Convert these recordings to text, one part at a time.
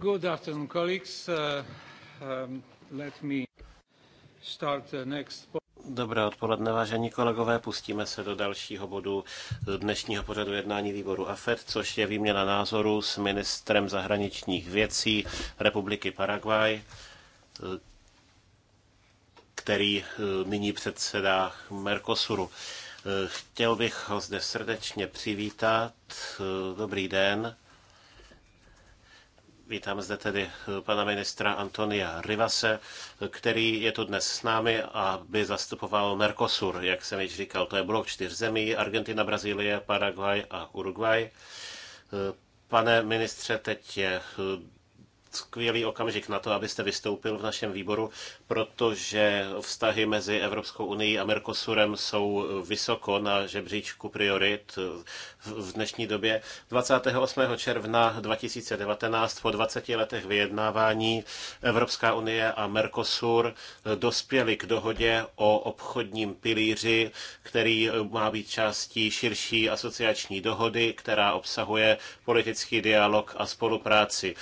Good afternoon, colleagues. Uh, um, let me start the next Dobré odpoledne, vážení kolegové. Pustíme se do dalšího bodu dnešního pořadu jednání výboru AFED, což je výměna názoru s ministrem zahraničních věcí Republiky Paraguay, který eh, nyní předsedá Mercosuru. Eh, chtěl bych ho zde srdečně přivítat. Eh, dobrý den. Vítám zde tedy eh, pana ministra Antonia Rivase, který je tu dnes s námi a by zastupoval Mercosur, jak jsem již říkal. To je blok čtyř zemí, Argentina, Brazílie, Paraguay a Uruguay. Eh, Pane ministře, teď je eh, skvělý okamžik na to, abyste vystoupil v našem výboru, protože vztahy mezi Evropskou unii a Mercosurem jsou vysoko na žebříčku priorit v dnešní době. 28. června 2019 po 20 letech vyjednávání Evropská unie a Mercosur dospěli k dohodě o obchodním pilíři, který má být částí širší asociační dohody, která obsahuje politický dialog a spolupráci.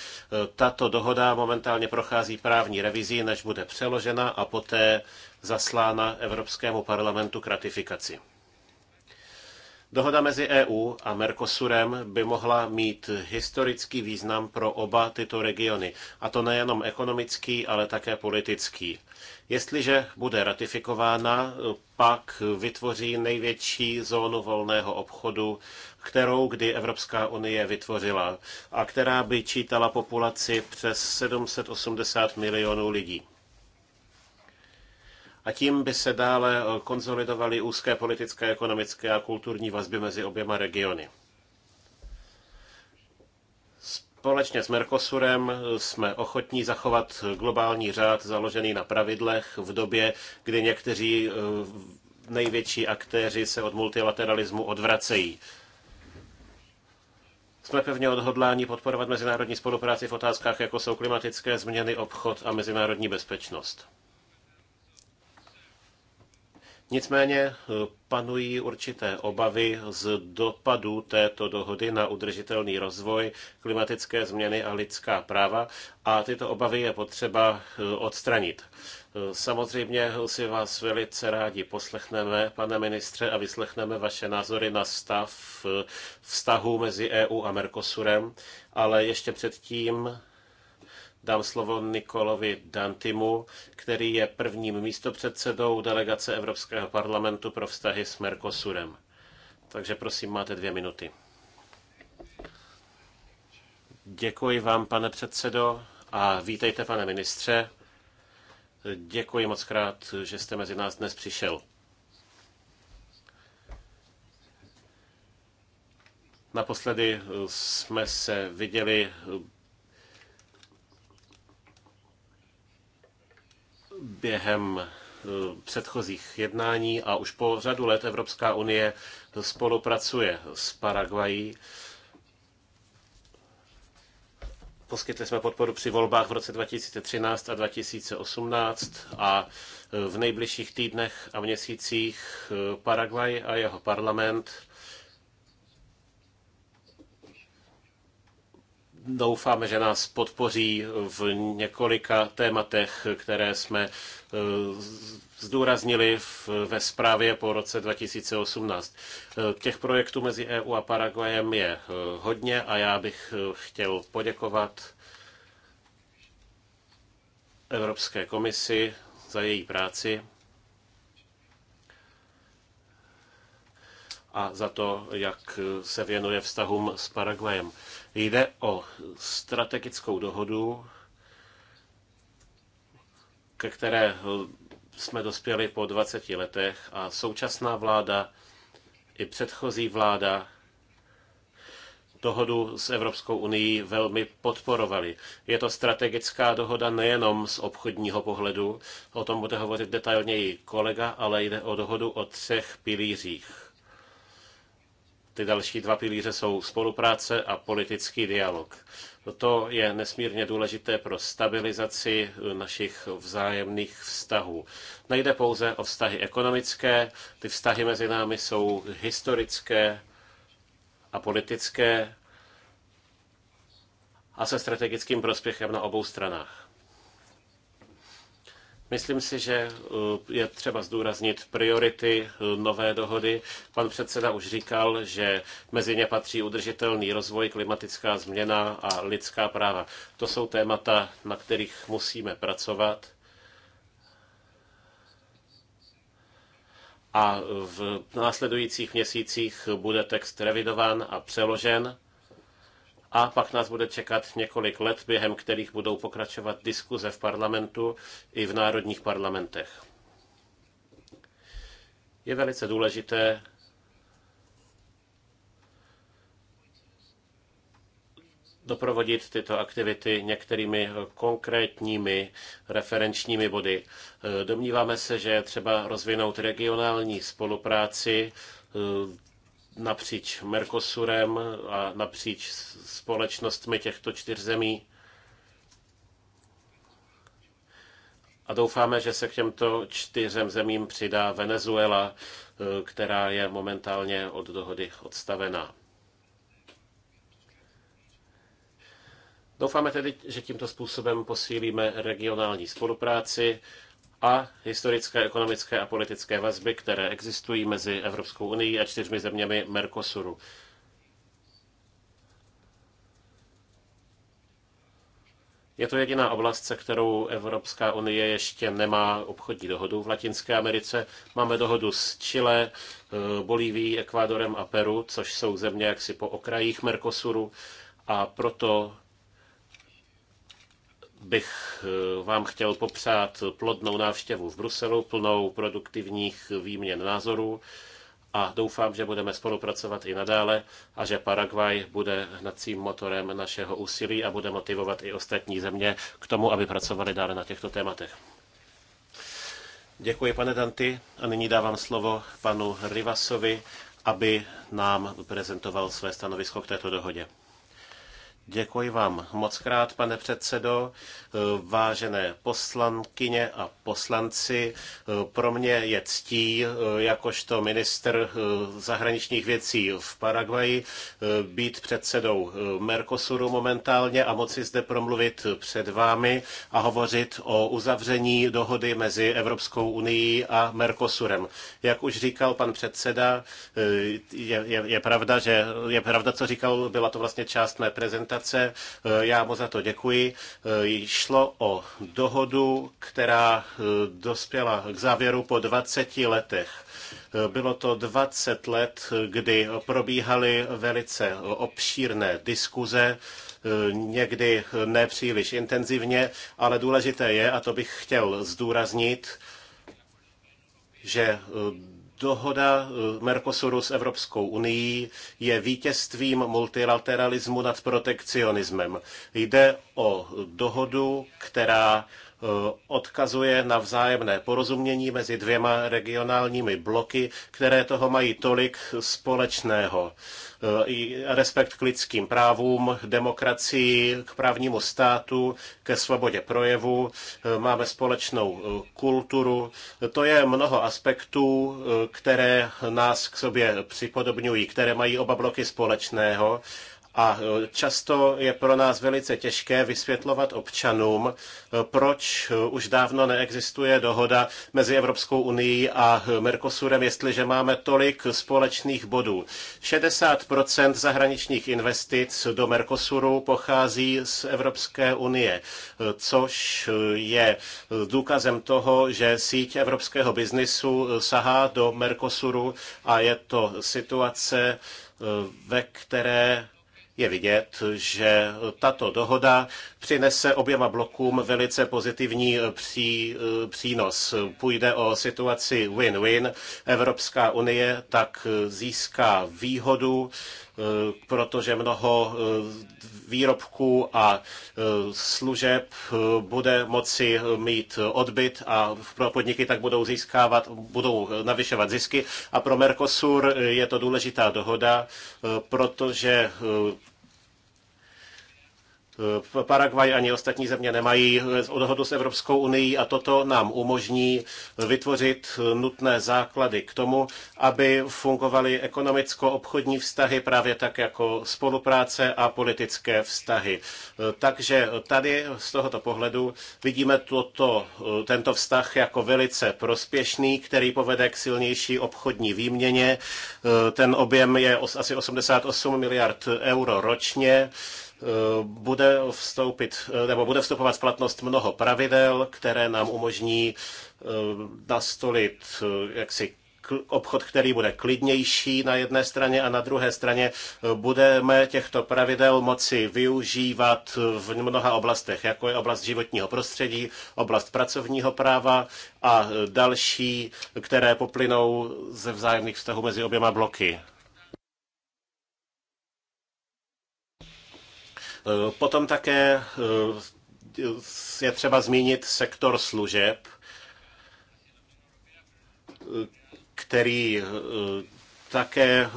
Tato tato dohoda momentálně prochází právní revizí, než bude přeložena a poté zaslána Evropskému parlamentu k ratifikaci. Dohoda mezi EU a Mercosurem by mohla mít historický význam pro oba tyto regiony, a to nejenom ekonomický, ale také politický. Jestliže bude ratifikována, pak vytvoří největší zónu volného obchodu kterou kdy Evropská unie vytvořila a která by čítala populaci přes 780 milionů lidí. A tím by se dále konzolidovaly úzké politické, ekonomické a kulturní vazby mezi oběma regiony. Společně s Mercosurem jsme ochotní zachovat globální řád založený na pravidlech v době, kdy někteří eh, největší aktéři se od multilateralismu odvracejí. Jsme pevně odhodláni podporovat mezinárodní spolupráci v otázkách, jako jsou klimatické změny, obchod a mezinárodní bezpečnost. Nicméně eh, panují určité obavy z dopadů této dohody na udržitelný rozvoj, klimatické změny a lidská práva a tyto obavy je potřeba eh, odstranit. Samozřejmě si vás velice rádi poslechneme, pane ministře, a vyslechneme vaše názory na stav eh, vztahu mezi EU a Mercosurem, ale ještě předtím dám slovo Nikolovi Dantimu, který je prvním místopředsedou delegace Evropského parlamentu pro vztahy s Mercosurem. Takže prosím, máte dvě minuty. Děkuji vám, pane předsedo, a vítejte, pane ministře. Děkuji moc krát, že jste mezi nás dnes přišel. Naposledy eh, jsme se viděli eh, během eh, předchozích jednání a už po řadu let Evropská unie spolupracuje s Paraguají Poskytli jsme podporu při volbách v roce 2013 a 2018 a e, v nejbližších týdnech a měsících e, Paraguay a jeho parlament doufáme, že nás podpoří v několika tématech, které jsme eh, zdůraznili ve zprávě po roce 2018. Eh, těch projektů mezi EU a Paraguajem je eh, hodně a já bych chtěl poděkovat Evropské komisi za její práci a za to, jak se věnuje vztahům s Paraguajem. Jde o strategickou dohodu, ke které jsme dospěli po 20 letech a současná vláda i předchozí vláda dohodu s Evropskou unii velmi podporovali. Je to strategická dohoda nejenom z obchodního pohledu, o tom bude hovořit detailněji kolega, ale jde o dohodu o třech pilířích. Ty další dva pilíře jsou spolupráce a politický dialog. To je nesmírně důležité pro stabilizaci našich vzájemných vztahů. Nejde pouze o vztahy ekonomické, ty vztahy mezi námi jsou historické a politické a se strategickým prospěchem na obou stranách. Myslím si, že eh, je třeba zdůraznit priority eh, nové dohody. Pan předseda už říkal, že mezi ně patří udržitelný rozvoj, klimatická změna a lidská práva. To jsou témata, na kterých musíme pracovat. A v následujících měsících bude text revidován a přeložen a pak nás bude čekat několik let, během kterých budou pokračovat diskuze v parlamentu i v národních parlamentech. Je velice důležité doprovodit tyto aktivity některými konkrétními referenčními body. Domníváme se, že je třeba rozvinout regionální spolupráci napříč Mercosurem a napříč společnostmi těchto čtyř zemí. A doufáme, že se k těmto čtyřem zemím přidá Venezuela, eh, která je momentálně od dohody odstavená. Doufáme tedy, že tímto způsobem posílíme regionální spolupráci a historické, ekonomické a politické vazby, které existují mezi Evropskou unii a čtyřmi zeměmi Mercosuru. Je to jediná oblast, se kterou Evropská unie ještě nemá obchodní dohodu v Latinské Americe. Máme dohodu s Chile, eh, Bolívií, Ekvádorem a Peru, což jsou země jaksi po okrajích Mercosuru a proto bych eh, vám chtěl popřát plodnou návštěvu v Bruselu, plnou produktivních výměn názorů a doufám, že budeme spolupracovat i nadále a že Paraguay bude hnacím motorem našeho úsilí a bude motivovat i ostatní země k tomu, aby pracovali dále na těchto tématech. Děkuji, pane Danty, a nyní dávám slovo panu Rivasovi, aby nám prezentoval své stanovisko k této dohodě. Děkuji vám moc krát, pane předsedo. Vážené poslankyně a poslanci, pro mě je ctí, jakožto minister zahraničních věcí v Paraguaji, být předsedou Mercosuru momentálně a moci zde promluvit před vámi a hovořit o uzavření dohody mezi Evropskou unii a Mercosurem. Jak už říkal pan předseda, je, je, je pravda, že je pravda, co říkal, byla to vlastně část mé prezentace, prezentace. Eh, já mu za to děkuji. Eh, šlo o dohodu, která eh, dospěla k závěru po 20 letech. Bylo to 20 let, kdy probíhaly velice obšírné diskuze, někdy nepříliš intenzivně, ale důležité je, a to bych chtěl zdůraznit, že Dohoda eh, Mercosuru s Evropskou unii je vítězstvím multilateralismu nad protekcionismem. Jde o dohodu, která Eh, odkazuje na vzájemné porozumění mezi dvěma regionálními bloky, které toho mají tolik společného. Eh, respekt k lidským právům, demokracii, k právnímu státu, ke svobodě projevu, eh, máme společnou kulturu. To je mnoho aspektů, které nás k sobě připodobňují, které mají oba bloky společného a e, často je pro nás velice těžké vysvětlovat občanům, e, proč e, už dávno neexistuje dohoda mezi Evropskou unii a Mercosurem, jestliže máme tolik společných bodů. 60% zahraničních investic do Mercosuru pochází z Evropské unie, což je důkazem toho, že síť evropského biznisu sahá do Mercosuru a je to situace, ve které je vidět, že tato dohoda přinese oběma blokům velice pozitivní pří, přínos. Půjde o situaci win-win. Evropská unie tak získá výhodu, protože mnoho výrobků a služeb bude moci mít odbyt a pro podniky tak budou získávat, budou navyšovat zisky. A pro Mercosur je to důležitá dohoda, protože Paraguay ani ostatní země nemají odhodu s Evropskou unii a toto nám umožní vytvořit nutné základy k tomu, aby fungovaly ekonomicko-obchodní vztahy právě tak jako spolupráce a politické vztahy. Takže tady z tohoto pohledu vidíme toto, tento vztah jako velice prospěšný, který povede k silnější obchodní výměně. Ten objem je asi 88 miliard euro ročně. Eh, bude, vstoupit, eh, nebo bude vstupovat v platnost mnoho pravidel, které nám umožní eh, nastolit jaksi obchod, který bude klidnější na jedné straně a na druhé straně budeme těchto pravidel moci využívat v mnoha oblastech, jako je oblast životního prostředí, oblast pracovního práva a další, které poplynou ze vzájemných vztahů mezi oběma bloky. Eh, potom také eh, je třeba zmínit sektor služeb, eh, který také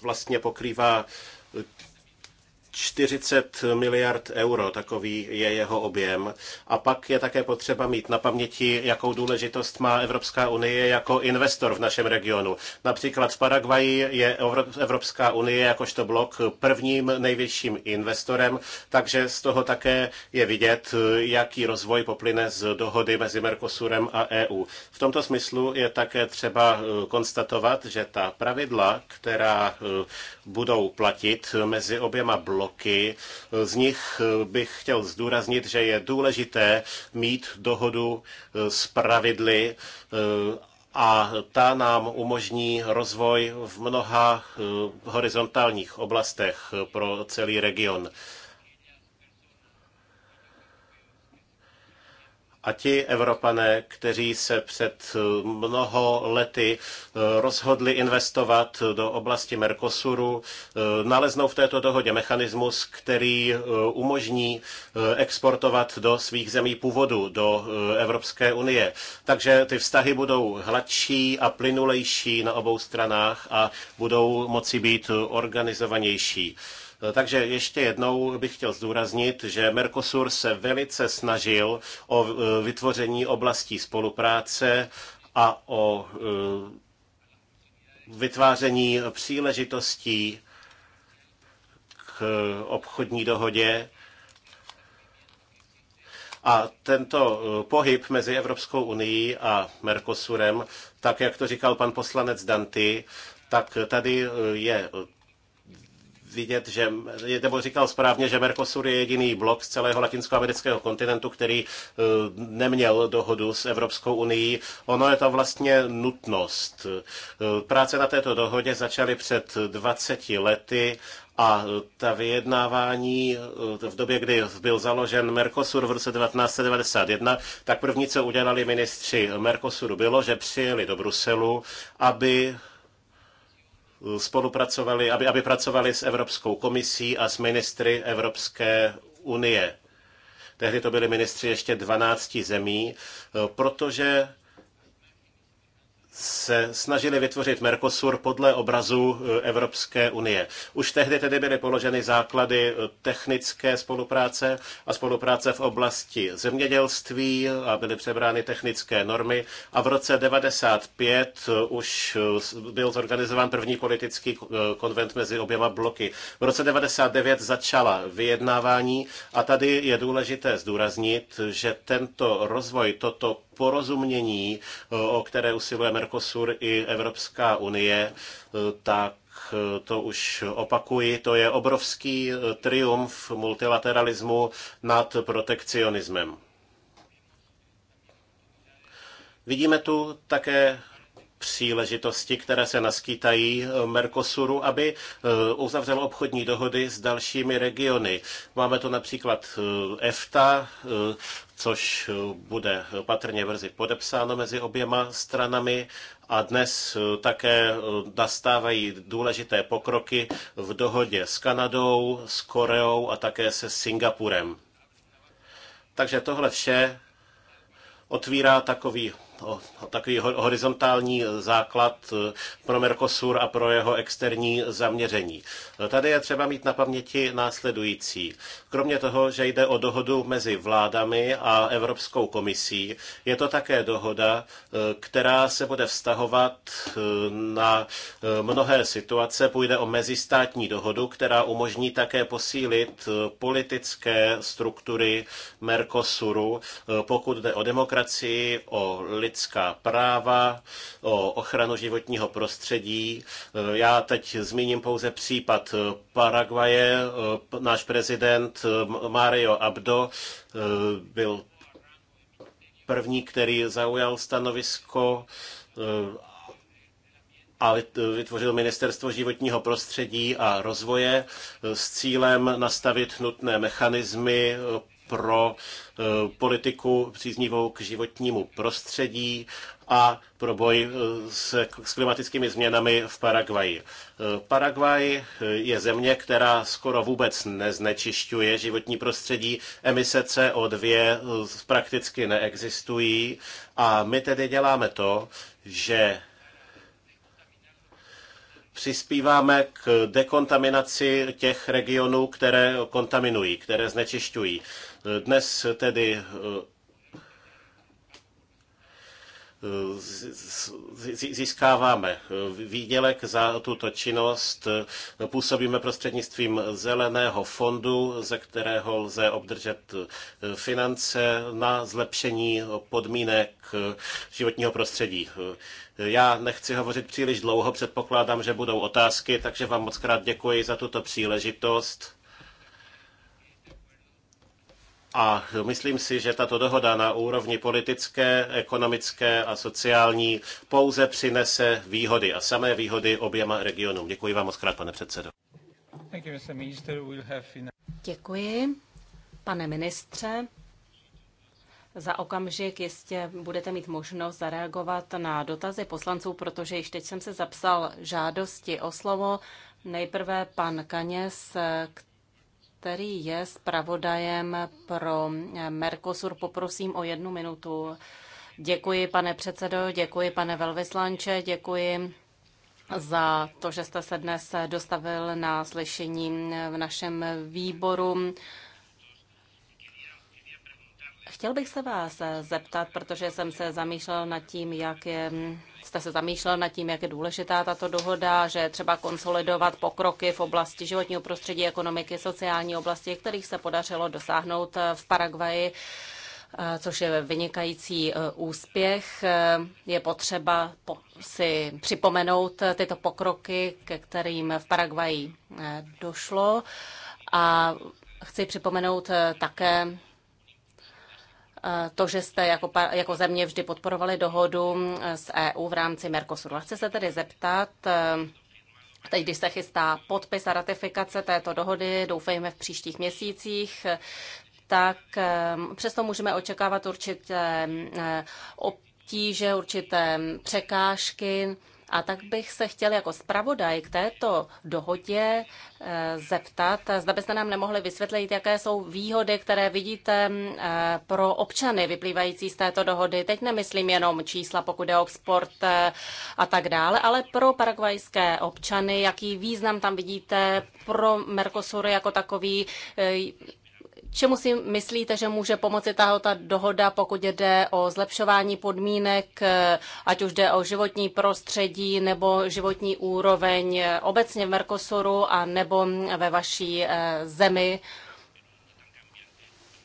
vlastně pokrývá 40 miliard euro, takový je jeho objem. A pak je také potřeba mít na paměti, jakou důležitost má Evropská unie jako investor v našem regionu. Například v Paraguaji je Evropská unie jakožto blok prvním největším investorem, takže z toho také je vidět, jaký rozvoj poplyne z dohody mezi Mercosurem a EU. V tomto smyslu je také třeba eh, konstatovat, že ta pravidla, která eh, budou platit mezi oběma bloky, bloky. Z nich eh, bych chtěl zdůraznit, že je důležité mít dohodu eh, s pravidly eh, a ta nám umožní rozvoj v mnoha horizontálních oblastech pro celý region. A ti Evropané, kteří se před mnoho lety eh, rozhodli investovat do oblasti Mercosuru, eh, naleznou v této dohodě mechanismus, který eh, umožní exportovat do svých zemí původu, do Evropské unie. Takže ty vztahy budou hladší a plynulejší na obou stranách a budou moci být organizovanější. Eh, takže ještě jednou bych chtěl zdůraznit, že Mercosur se velice snažil o eh, vytvoření oblastí spolupráce a o eh, vytváření příležitostí k obchodní dohodě. A tento pohyb mezi Evropskou unii a Mercosurem, tak jak to říkal pan poslanec Danty, tak tady je vidět, že, nebo říkal správně, že Mercosur je jediný blok z celého latinskoamerického kontinentu, který eh, neměl dohodu s Evropskou unii. Ono je to vlastně nutnost. Eh, práce na této dohodě začaly před 20 lety a ta vyjednávání eh, v době, kdy byl založen Mercosur v roce 1991, tak první, co udělali ministři Mercosuru, bylo, že přijeli do Bruselu, aby spolupracovali, aby, aby pracovali s Evropskou komisí a s ministry Evropské unie. Tehdy to byli ministři ještě 12 zemí, eh, protože se snažili vytvořit Mercosur podle obrazu eh, Evropské unie. Už tehdy tedy byly položeny základy eh, technické spolupráce a spolupráce v oblasti zemědělství a byly přebrány technické normy a v roce 95 eh, už byl zorganizován první politický konvent mezi oběma bloky. V roce 99 začala vyjednávání a tady je důležité zdůraznit, že tento rozvoj, toto porozumění, eh, o které usiluje Mercosur i Evropská unie, eh, tak eh, to už opakuji, to je obrovský triumf multilateralismu nad protekcionismem. Vidíme tu také příležitosti, které se naskýtají eh, Mercosuru, aby eh, uzavřel obchodní dohody s dalšími regiony. Máme to například eh, EFTA, což bude patrně brzy podepsáno mezi oběma stranami. A dnes také nastávají důležité pokroky v dohodě s Kanadou, s Koreou a také se Singapurem. Takže tohle vše otvírá takový takový horizontální eh, základ eh, pro Mercosur a pro jeho externí zaměření. Eh, tady je třeba mít na paměti následující. Kromě toho, že jde o dohodu mezi vládami a Evropskou komisí, je to také dohoda, která se bude vztahovat na mnohé situace. Půjde o mezistátní dohodu, která umožní také posílit politické struktury Mercosuru, pokud jde o demokracii, o lidská práva, o ochranu životního prostředí. Eh, já teď zmíním pouze případ eh, Paraguaje. Eh, náš prezident Mario Abdo byl první, který zaujal stanovisko a vytvořil Ministerstvo životního prostředí a rozvoje s cílem nastavit nutné mechanismy pro eh, politiku příznivou k životnímu prostředí a pro boj eh, s, s klimatickými změnami v Paraguaji. Eh, Paraguaj je země, která skoro vůbec neznečišťuje životní prostředí. Emise CO2 prakticky neexistují a my tedy děláme to, že přispíváme k dekontaminaci těch regionů, které kontaminují, které znečišťují. Dnes tedy eh, eh, získáváme výdělek za tuto činnost. Působíme prostřednictvím zeleného fondu, ze kterého lze obdržet eh, finance na zlepšení podmínek životního prostředí. Já nechci hovořit příliš dlouho, předpokládám, že budou otázky, takže vám moc krát děkuji za tuto příležitost. A myslím si, že tato dohoda na úrovni politické, ekonomické a sociální pouze přinese výhody a samé výhody oběma regionům. Děkuji vám moc krát, pane předsedo. Děkuji, pane ministře. Za okamžik jistě budete mít možnost zareagovat na dotazy poslanců, protože již teď jsem se zapsal žádosti o slovo. Nejprve pan Kaněs, který který je zpravodajem pro Mercosur. Poprosím o jednu minutu. Děkuji, pane předsedo, děkuji, pane velvyslanče, děkuji za to, že jste se dnes dostavil na slyšení v našem výboru. Chtěl bych se vás zeptat, protože jsem se zamýšlel nad tím, jak je jste se zamýšlel nad tím, jak je důležitá tato dohoda, že třeba konsolidovat pokroky v oblasti životního prostředí, ekonomiky, sociální oblasti, kterých se podařilo dosáhnout eh, v Paraguaji eh, což je vynikající eh, úspěch. Je potřeba si připomenout tyto pokroky, ke kterým v Paraguaji došlo. A chci připomenout také Eh, to, že jste jako, jako země vždy podporovali dohodu eh, s EU v rámci Mercosuru. Chci se tedy zeptat, eh, Teď, když se chystá podpis a ratifikace této dohody, doufejme v příštích měsících, tak přesto můžeme očekávat určité obtíže, určité mm, překážky a tak bych se chtěl jako zpravodaj k této dohodě eh, zeptat, eh, zda byste nám nemohli vysvětlit, jaké jsou výhody, které vidíte mm, eh, pro občany vyplývající z této dohody. Teď nemyslím jenom čísla, pokud je o export a tak dále, ale pro paraguajské občany, jaký význam tam vidíte pro Mercosur jako takový, Čemu si myslíte, že může pomoci tato ta dohoda, pokud jde o zlepšování podmínek, eh, ať už jde o životní prostředí nebo životní úroveň obecně v Mercosuru a nebo ve vaší eh, zemi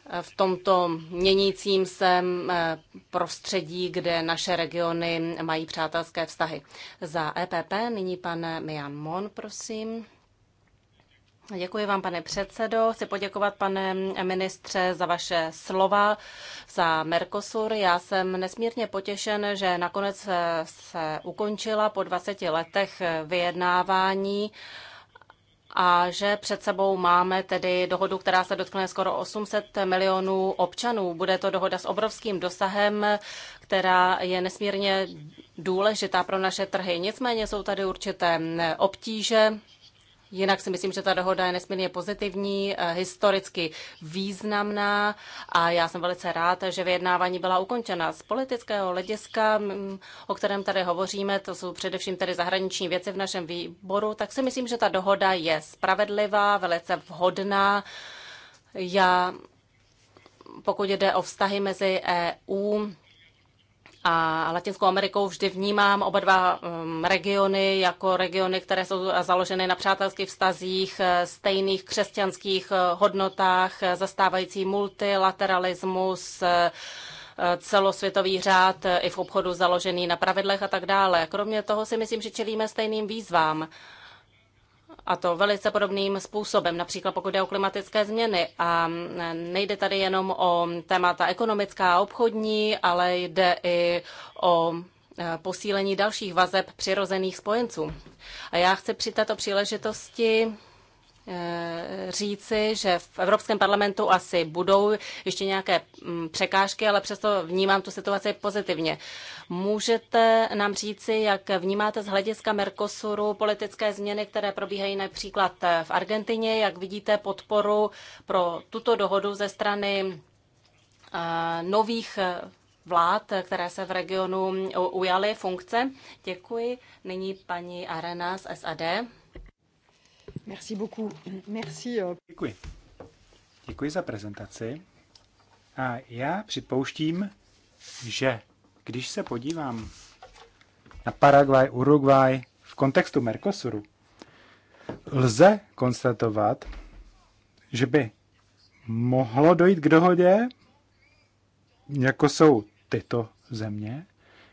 eh, v tomto měnícím se prostředí, kde naše regiony mají přátelské vztahy. Za EPP nyní pan Mian Mon, prosím. Děkuji vám, pane předsedo. Chci poděkovat, pane ministře, za vaše slova, za Mercosur. Já jsem nesmírně potěšen, že nakonec se ukončila po 20 letech vyjednávání a že před sebou máme tedy dohodu, která se dotkne skoro 800 milionů občanů. Bude to dohoda s obrovským dosahem, která je nesmírně důležitá pro naše trhy. Nicméně jsou tady určité obtíže, Jinak si myslím, že ta dohoda je nesmírně pozitivní, eh, historicky významná a já jsem velice rád, že vyjednávání byla ukončena. Z politického hlediska, mm, o kterém tady hovoříme, to jsou především tedy zahraniční věci v našem výboru, tak si myslím, že ta dohoda je spravedlivá, velice vhodná. Já, pokud jde o vztahy mezi EU, a Latinskou Amerikou vždy vnímám oba dva um, regiony jako regiony, které jsou založeny na přátelských vztazích, eh, stejných křesťanských eh, hodnotách, eh, zastávající multilateralismus, celosvětový řád i v obchodu založený na pravidlech a tak dále. Kromě toho si myslím, že čelíme stejným výzvám a to velice podobným způsobem, například pokud jde o klimatické změny. A nejde tady jenom o témata ekonomická a obchodní, ale jde i o e, posílení dalších vazeb přirozených spojenců. A já chci při této příležitosti e, říci, že v Evropském parlamentu asi budou ještě nějaké mm, překážky, ale přesto vnímám tu situaci pozitivně. Můžete nám říci, jak vnímáte z hlediska Mercosuru politické změny, které probíhají například v Argentině, jak vidíte podporu pro tuto dohodu ze strany eh, nových eh, vlád, které se v regionu ujaly funkce. Děkuji. Nyní paní Arena z SAD. Merci beaucoup. Merci. Eh. Děkuji. Děkuji za prezentaci. A já připouštím, že když se podívám na Paraguay, Uruguay v kontextu Mercosuru, lze konstatovat, že by mohlo dojít k dohodě, jako jsou tyto země.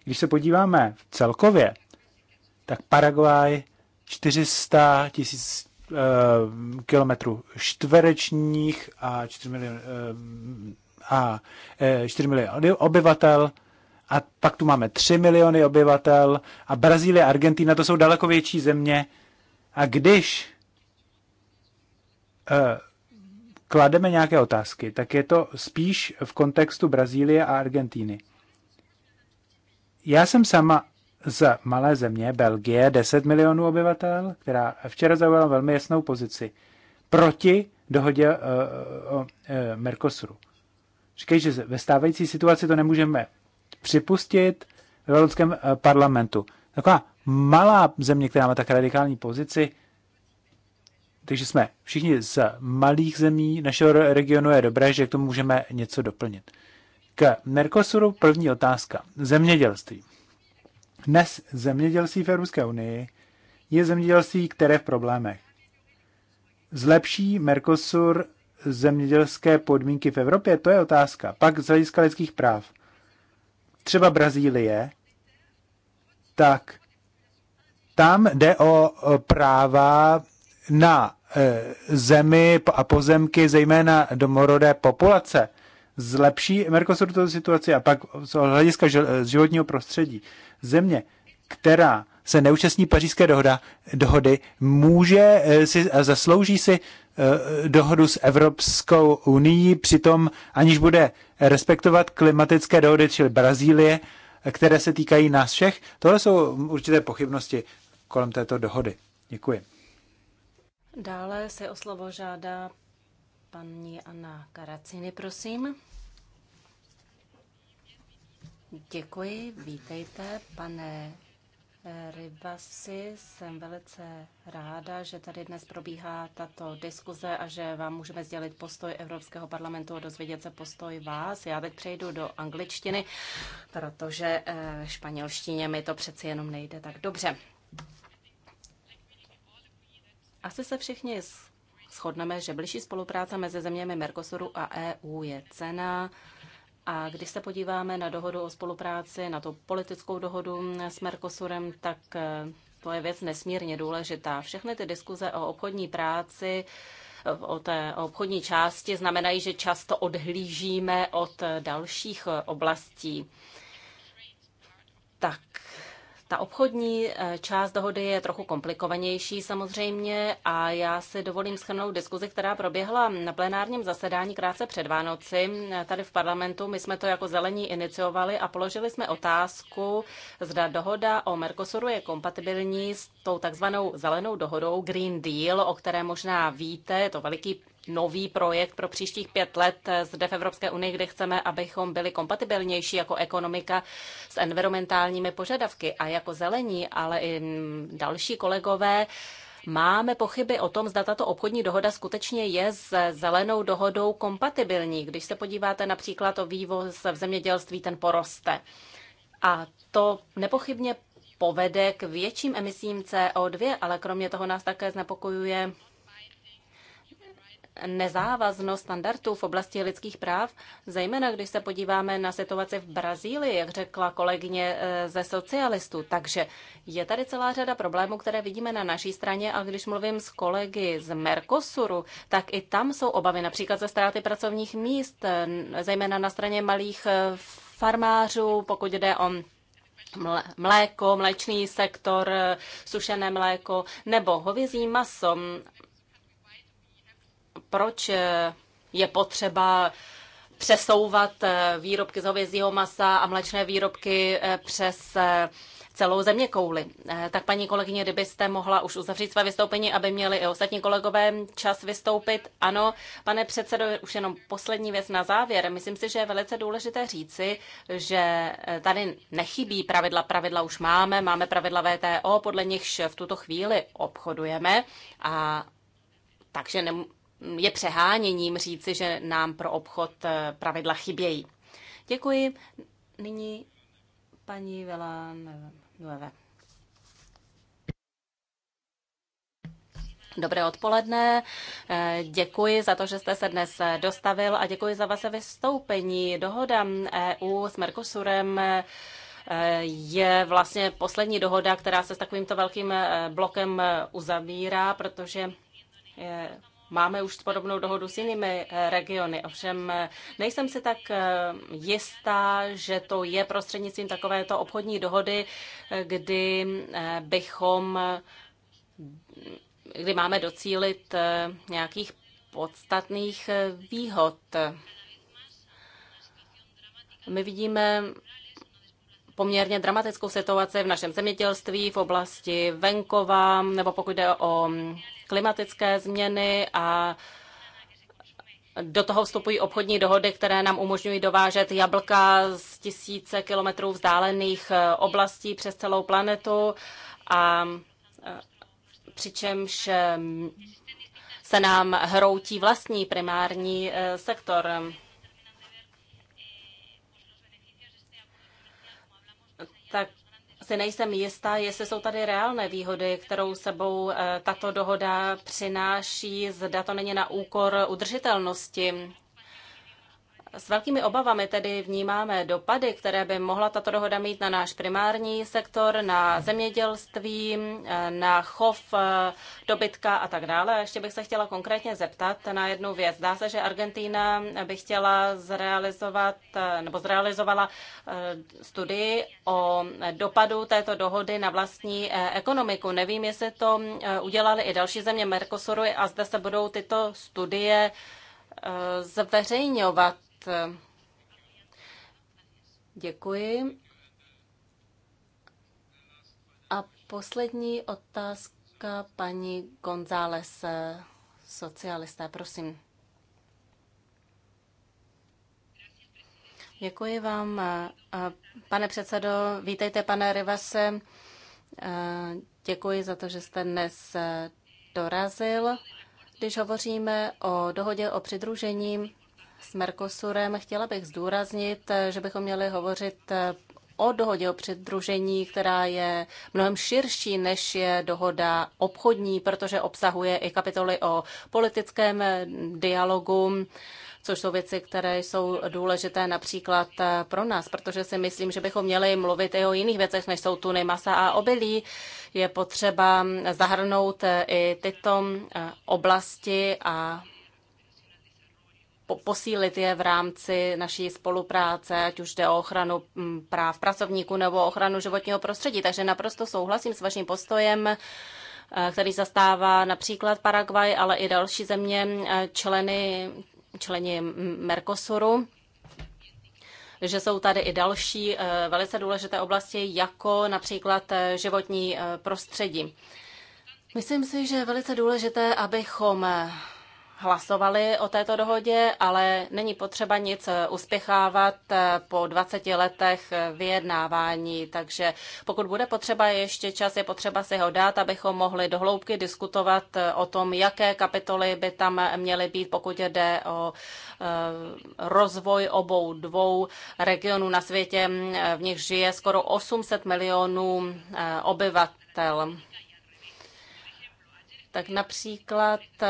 Když se podíváme v celkově, tak Paraguay 400 tisíc eh, kilometrů čtverečních a 4 miliony, eh, a 4 eh, miliony obyvatel, a pak tu máme 3 miliony obyvatel a Brazílie a Argentina to jsou daleko větší země. A když uh, klademe nějaké otázky, tak je to spíš v kontextu Brazílie a Argentíny. Já jsem sama z malé země, Belgie, 10 milionů obyvatel, která včera zaujala velmi jasnou pozici proti dohodě uh, o uh, Mercosuru. Říkají, že ve stávající situaci to nemůžeme připustit v Evropském eh, parlamentu. Taková malá země, která má tak radikální pozici, takže jsme všichni z malých zemí našeho regionu, je dobré, že k tomu můžeme něco doplnit. K Mercosuru první otázka. Zemědělství. Dnes zemědělství v Evropské unii je zemědělství, které v problémech. Zlepší Mercosur zemědělské podmínky v Evropě? To je otázka. Pak z hlediska lidských práv třeba Brazílie, tak tam jde o práva na e, zemi a pozemky, zejména domorodé populace. Zlepší Mercosur tuto situaci a pak z hlediska e, životního prostředí země, která se neúčastní pařížské dohoda, dohody, může e, si a zaslouží si Eh, dohodu s Evropskou unii, přitom aniž bude respektovat klimatické dohody, čili Brazílie, které se týkají nás všech. Tohle jsou určité pochybnosti kolem této dohody. Děkuji. Dále se o slovo žádá paní Anna Karaciny, prosím. Děkuji, vítejte, pane Rivasi. Jsem velice ráda, že tady dnes probíhá tato diskuze a že vám můžeme sdělit postoj Evropského parlamentu a dozvědět se postoj vás. Já teď přejdu do angličtiny, protože eh, španělštině mi to přeci jenom nejde tak dobře. Asi se všichni shodneme, že blížší spolupráce mezi zeměmi Mercosuru a EU je cena a když se podíváme na dohodu o spolupráci, na tu politickou dohodu s Mercosurem, tak eh, to je věc nesmírně důležitá. Všechny ty diskuze o obchodní práci, eh, o té obchodní části znamenají, že často odhlížíme od eh, dalších oblastí. Tak ta obchodní eh, část dohody je trochu komplikovanější samozřejmě a já si dovolím schrnout diskuzi, která proběhla na plenárním zasedání krátce před Vánoci. Eh, tady v parlamentu my jsme to jako zelení iniciovali a položili jsme otázku, zda dohoda o Mercosuru je kompatibilní s tou takzvanou zelenou dohodou Green Deal, o které možná víte, je to veliký nový projekt pro příštích pět let zde v Evropské unii, kde chceme, abychom byli kompatibilnější jako ekonomika s environmentálními požadavky a jako zelení, ale i další kolegové. Máme pochyby o tom, zda tato obchodní dohoda skutečně je s zelenou dohodou kompatibilní. Když se podíváte například o vývoz v zemědělství, ten poroste. A to nepochybně povede k větším emisím CO2, ale kromě toho nás také znepokojuje nezávaznost standardů v oblasti lidských práv, zejména když se podíváme na situaci v Brazílii, jak řekla kolegyně eh, ze socialistů. Takže je tady celá řada problémů, které vidíme na naší straně a když mluvím s kolegy z Mercosuru, tak i tam jsou obavy například ze ztráty pracovních míst, eh, zejména na straně malých eh, farmářů, pokud jde o mléko, mléčný sektor, sušené mléko nebo hovězí maso proč eh, je potřeba přesouvat eh, výrobky z hovězího masa a mléčné výrobky eh, přes celou země kouly. Tak paní kolegyně, kdybyste mohla už uzavřít své vystoupení, aby měli i ostatní kolegové čas vystoupit. Ano, pane předsedo, už jenom poslední věc na závěr. Myslím si, že je velice důležité říci, že tady nechybí pravidla. Pravidla už máme, máme pravidla VTO, podle nichž v tuto chvíli obchodujeme a takže je přeháněním říci, že nám pro obchod eh, pravidla chybějí. Děkuji. Nyní paní Vela Dobré odpoledne, eh, děkuji za to, že jste se dnes eh, dostavil a děkuji za vaše vystoupení. Dohoda EU s Mercosurem je vlastně poslední dohoda, která se s takovýmto velkým blokem uzavírá, protože Máme už podobnou dohodu s jinými eh, regiony, ovšem eh, nejsem si tak eh, jistá, že to je prostřednictvím takovéto obchodní dohody, kdy bychom, kdy máme docílit nějakých podstatných výhod. My vidíme poměrně dramatickou situaci v našem zemědělství, v oblasti venkova, nebo pokud jde o klimatické změny a do toho vstupují obchodní dohody, které nám umožňují dovážet jablka z tisíce kilometrů vzdálených eh, oblastí přes celou planetu a eh, přičemž eh, se nám hroutí vlastní primární sektor. Tak si nejsem jistá, jestli jsou tady reálné výhody, kterou sebou eh, tato dohoda přináší, zda to není na úkor udržitelnosti s velkými obavami tedy vnímáme dopady, které by mohla tato dohoda mít na náš primární sektor, na zemědělství, na chov eh, dobytka a tak dále. Ještě bych se chtěla konkrétně zeptat na jednu věc. Zdá se, že Argentína by chtěla zrealizovat eh, nebo zrealizovala eh, studii o dopadu této dohody na vlastní ekonomiku. Nevím, jestli to udělali i další země Mercosuru a zda se budou tyto studie zveřejňovat. Děkuji. A poslední otázka paní González, socialisté, prosím. Děkuji vám, pane předsedo. Vítejte, pane Rivase. Děkuji za to, že jste dnes dorazil. Když hovoříme o dohodě o přidružení, s Mercosurem. Chtěla bych zdůraznit, že bychom měli hovořit o dohodě o přidružení, která je mnohem širší, než je dohoda obchodní, protože obsahuje i kapitoly o politickém dialogu, což jsou věci, které jsou důležité například pro nás, protože si myslím, že bychom měli mluvit i o jiných věcech, než jsou tuny, masa a obilí. Je potřeba zahrnout i tyto eh, oblasti a posílit je v rámci naší spolupráce, ať už jde o ochranu mm, práv pracovníků nebo ochranu životního prostředí. Takže naprosto souhlasím s vaším postojem, eh, který zastává například Paraguay, ale i další země eh, členy, členy Mercosuru že jsou tady i další eh, velice důležité oblasti, jako například životní prostředí. Myslím si, že je velice důležité, abychom hlasovali o této dohodě, ale není potřeba nic uspěchávat po 20 letech vyjednávání, takže pokud bude potřeba ještě čas, je potřeba si ho dát, abychom mohli dohloubky diskutovat o tom, jaké kapitoly by tam měly být, pokud jde o eh, rozvoj obou dvou regionů na světě, v nich žije skoro 800 milionů eh, obyvatel. Tak například eh,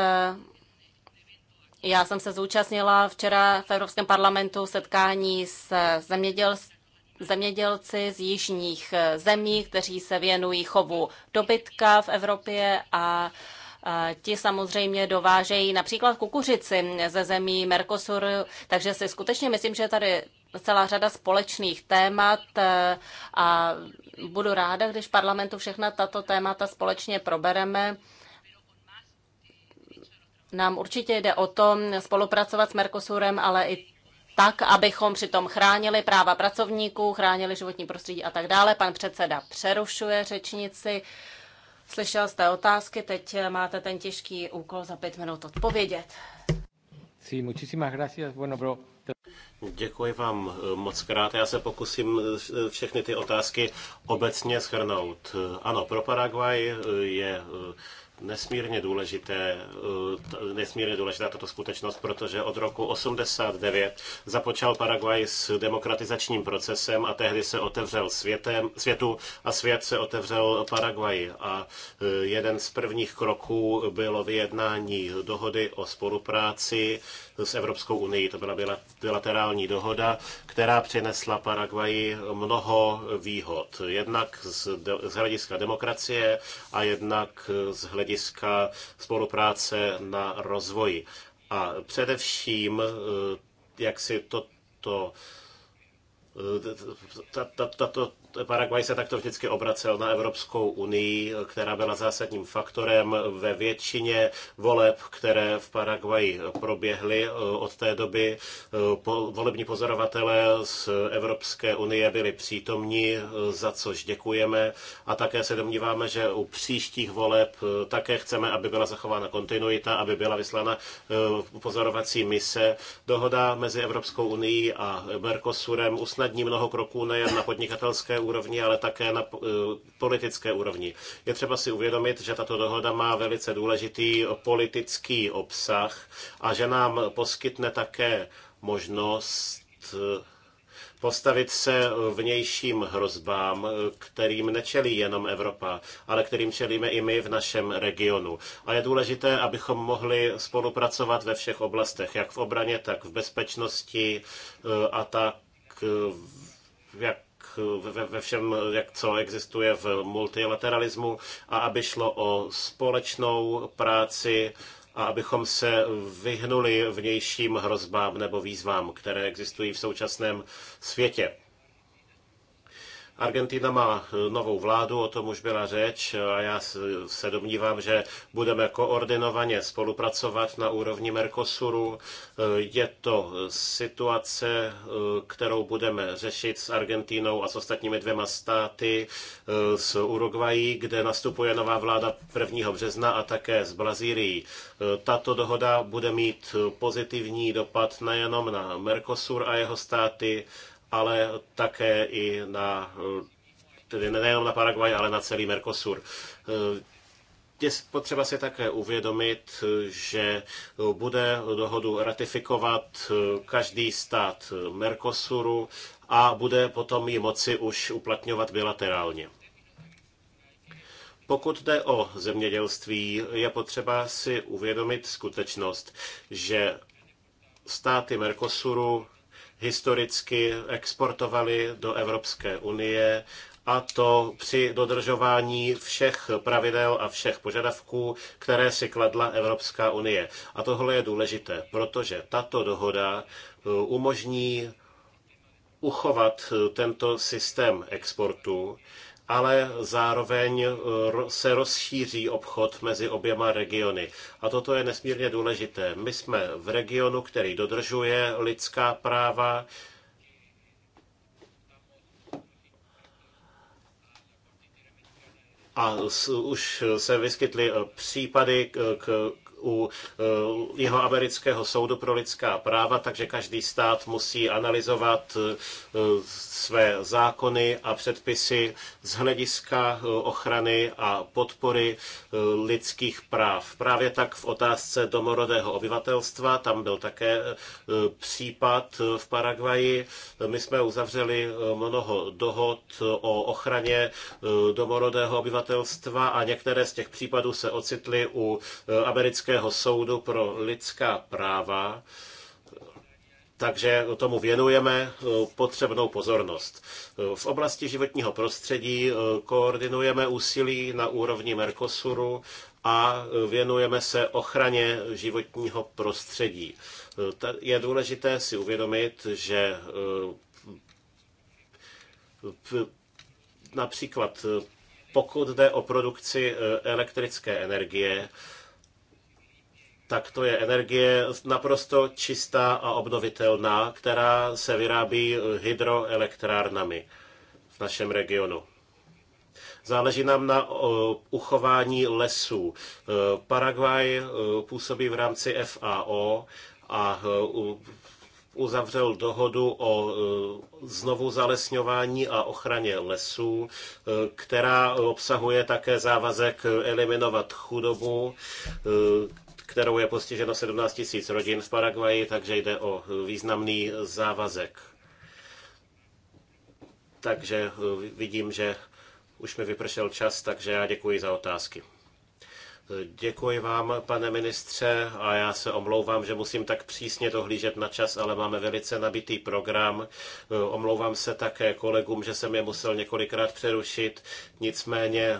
já jsem se zúčastnila včera v Evropském parlamentu setkání s zemědělstvím zemědělci z jižních eh, zemí, kteří se věnují chovu dobytka v Evropě a Ti samozřejmě dovážejí například kukuřici ze zemí Mercosuru, takže si skutečně myslím, že tady celá řada společných témat eh, a budu ráda, když parlamentu všechna tato témata společně probereme nám určitě jde o to spolupracovat s Mercosurem, ale i tak, abychom přitom chránili práva pracovníků, chránili životní prostředí a tak dále. Pan předseda přerušuje řečnici. Slyšel jste otázky, teď máte ten těžký úkol za pět minut odpovědět. muchísimas gracias. Bueno, Děkuji vám eh, moc krát. Já se pokusím eh, všechny ty otázky obecně schrnout. Eh, ano, pro Paraguay je nesmírně důležité, eh, nesmírně důležitá tato skutečnost, protože od roku 89 započal Paraguay s demokratizačním procesem a tehdy se otevřel světem, světu a svět se otevřel Paraguay. A eh, jeden z prvních kroků bylo vyjednání dohody o spolupráci s Evropskou unii. To byla bilaterální dohoda, která přinesla Paraguaji mnoho výhod. Jednak z, z hlediska demokracie a jednak z hlediska spolupráce na rozvoji. A především, eh, jak si toto eh, tato, tato, Paraguay se takto vždycky obracel na Evropskou unii, která byla zásadním faktorem ve většině voleb, které v Paraguaji proběhly eh, od té doby. Eh, volební pozorovatelé z Evropské unie byli přítomní, eh, za což děkujeme a také se domníváme, že u příštích voleb také chceme, aby byla zachována kontinuita, aby byla vyslána pozorovací mise. Dohoda mezi Evropskou unii a Mercosurem usnadní mnoho kroků nejen na podnikatelské úrovni, ale také na eh, politické úrovni. Je třeba si uvědomit, že tato dohoda má velice důležitý politický obsah a že nám poskytne také možnost eh, postavit se vnějším hrozbám, eh, kterým nečelí jenom Evropa, ale kterým čelíme i my v našem regionu. A je důležité, abychom mohli spolupracovat ve všech oblastech, jak v obraně, tak v bezpečnosti a tak jak ve, ve všem, jak, co existuje v multilateralismu a aby šlo o společnou práci a abychom se vyhnuli vnějším hrozbám nebo výzvám, které existují v současném světě. Argentina má eh, novou vládu, o tom už byla řeč a já se domnívám, že budeme koordinovaně spolupracovat na úrovni Mercosuru. Eh, je to eh, situace, kterou budeme řešit s Argentinou a s ostatními dvěma státy, s Uruguayí, kde nastupuje nová vláda 1. března a také s Brazílií. Tato dohoda bude mít pozitivní dopad nejenom na Mercosur a jeho státy, ale také i na, tedy nejenom na Paraguay, ale na celý Mercosur. Je potřeba si také uvědomit, že bude dohodu ratifikovat každý stát Mercosuru a bude potom ji moci už uplatňovat bilaterálně. Pokud jde o zemědělství, je potřeba si uvědomit skutečnost, že státy Mercosuru historicky exportovali do Evropské unie a to při dodržování všech pravidel a všech požadavků, které si kladla Evropská unie. A tohle je důležité, protože tato dohoda uh, umožní uchovat uh, tento systém exportu, ale zároveň eh, se rozšíří obchod mezi oběma regiony. A toto je nesmírně důležité. My jsme v regionu, který dodržuje lidská práva, a už se vyskytly eh, případy k u eh, jeho amerického soudu pro lidská práva, takže každý stát musí analyzovat eh, své zákony a předpisy z hlediska eh, ochrany a podpory lidských práv. Právě tak v otázce domorodého obyvatelstva, tam byl také případ v Paraguaji. My jsme uzavřeli mnoho dohod o ochraně domorodého obyvatelstva a některé z těch případů se ocitly u americké. Evropského soudu pro lidská práva, takže tomu věnujeme eh, potřebnou pozornost. Eh, v oblasti životního prostředí eh, koordinujeme úsilí na úrovni Mercosuru a věnujeme se ochraně životního prostředí. Je důležité si uvědomit, že například pokud jde o produkci elektrické energie, tak to je energie naprosto čistá a obnovitelná, která se vyrábí hydroelektrárnami v našem regionu. Záleží nám na uchování lesů. E, Paraguay e, působí v rámci FAO a e, uzavřel dohodu o znovu zalesňování a ochraně lesů, která obsahuje také závazek eliminovat chudobu, kterou je postiženo 17 tisíc rodin v Paraguaji, takže jde o eh, významný závazek. Takže eh, vidím, že už mi vypršel čas, takže já děkuji za otázky. Děkuji vám, pane ministře, a já se omlouvám, že musím tak přísně dohlížet na čas, ale máme velice nabitý program. Omlouvám se také kolegům, že jsem je musel několikrát přerušit. Nicméně eh,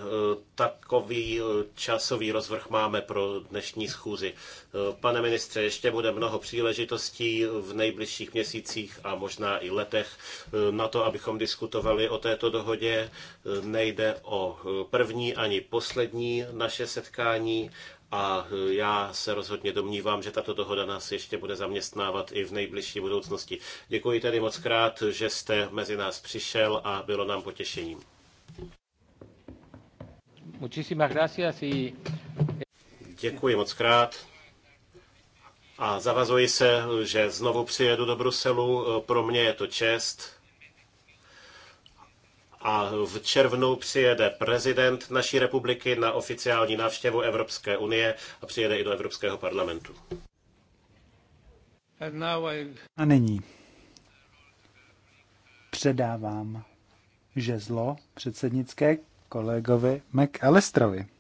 takový eh, časový rozvrh máme pro dnešní schůzi. Eh, pane ministře, ještě bude mnoho příležitostí v nejbližších měsících a možná i letech na to, abychom diskutovali o této dohodě. Nejde o první ani poslední naše setkání jednání a eh, já se rozhodně domnívám, že tato dohoda nás ještě bude zaměstnávat i v nejbližší budoucnosti. Děkuji tedy moc krát, že jste mezi nás přišel a bylo nám potěšením. Eh, Děkuji moc krát. A zavazuji se, že znovu přijedu do Bruselu. Pro mě je to čest a v červnu přijede prezident naší republiky na oficiální návštěvu Evropské unie a přijede i do Evropského parlamentu. A nyní předávám žezlo předsednické kolegovi McAllisterovi.